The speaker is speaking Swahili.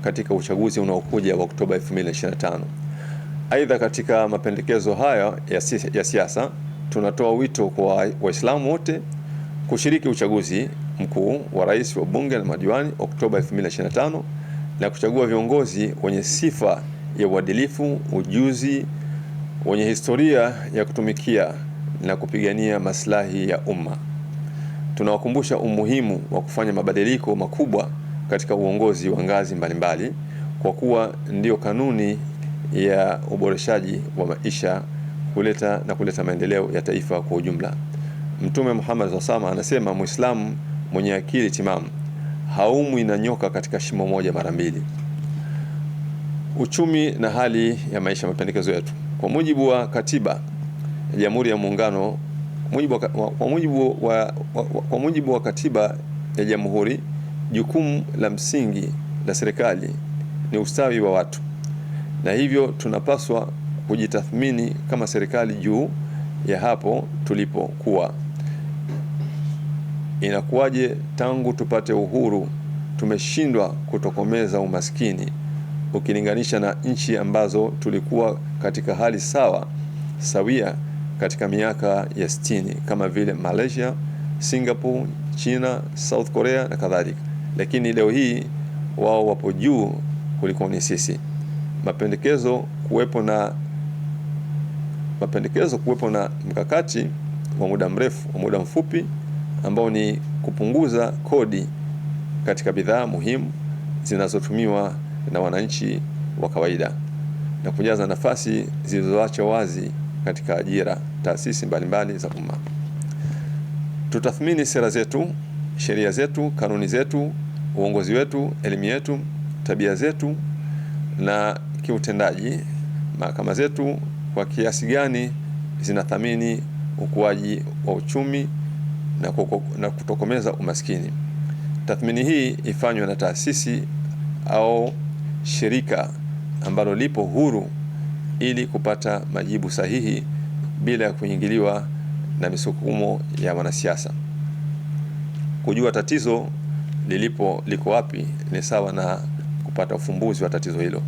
katika uchaguzi unaokuja wa Oktoba 2025. Aidha, katika mapendekezo haya ya siasa tunatoa wito kwa Waislamu wote kushiriki uchaguzi mkuu wa rais wa bunge na madiwani Oktoba 2025 na kuchagua viongozi wenye sifa ya uadilifu, ujuzi, wenye historia ya kutumikia na kupigania maslahi ya umma. Tunawakumbusha umuhimu wa kufanya mabadiliko makubwa katika uongozi wa ngazi mbalimbali, kwa kuwa ndiyo kanuni ya uboreshaji wa maisha kuleta na kuleta maendeleo ya taifa kwa ujumla. Mtume Muhammad SAW anasema Muislamu mwenye akili timamu haumwi na nyoka katika shimo moja mara mbili. Uchumi na hali ya maisha, mapendekezo yetu kwa mujibu wa katiba ya Jamhuri ya Muungano, kwa mujibu wa katiba ya Jamhuri Jukumu la msingi la serikali ni ustawi wa watu, na hivyo tunapaswa kujitathmini kama serikali juu ya hapo tulipokuwa. Inakuwaje tangu tupate uhuru tumeshindwa kutokomeza umaskini ukilinganisha na nchi ambazo tulikuwa katika hali sawa sawia katika miaka ya sitini kama vile Malaysia, Singapore, China, South Korea na kadhalika lakini leo hii wao wapo juu kuliko ni sisi. Mapendekezo kuwepo na mapendekezo kuwepo na mkakati wa muda mrefu, wa muda mfupi ambao ni kupunguza kodi katika bidhaa muhimu zinazotumiwa na wananchi wa kawaida na kujaza nafasi zilizoachwa wazi katika ajira taasisi mbalimbali za umma. Tutathmini sera zetu sheria zetu, kanuni zetu, uongozi wetu, elimu yetu, tabia zetu na kiutendaji, mahakama zetu kwa kiasi gani zinathamini ukuaji wa uchumi na, kuko, na kutokomeza umaskini. Tathmini hii ifanywe na taasisi au shirika ambalo lipo huru ili kupata majibu sahihi bila ya kuingiliwa na misukumo ya wanasiasa. Kujua tatizo lilipo liko wapi ni sawa na kupata ufumbuzi wa tatizo hilo.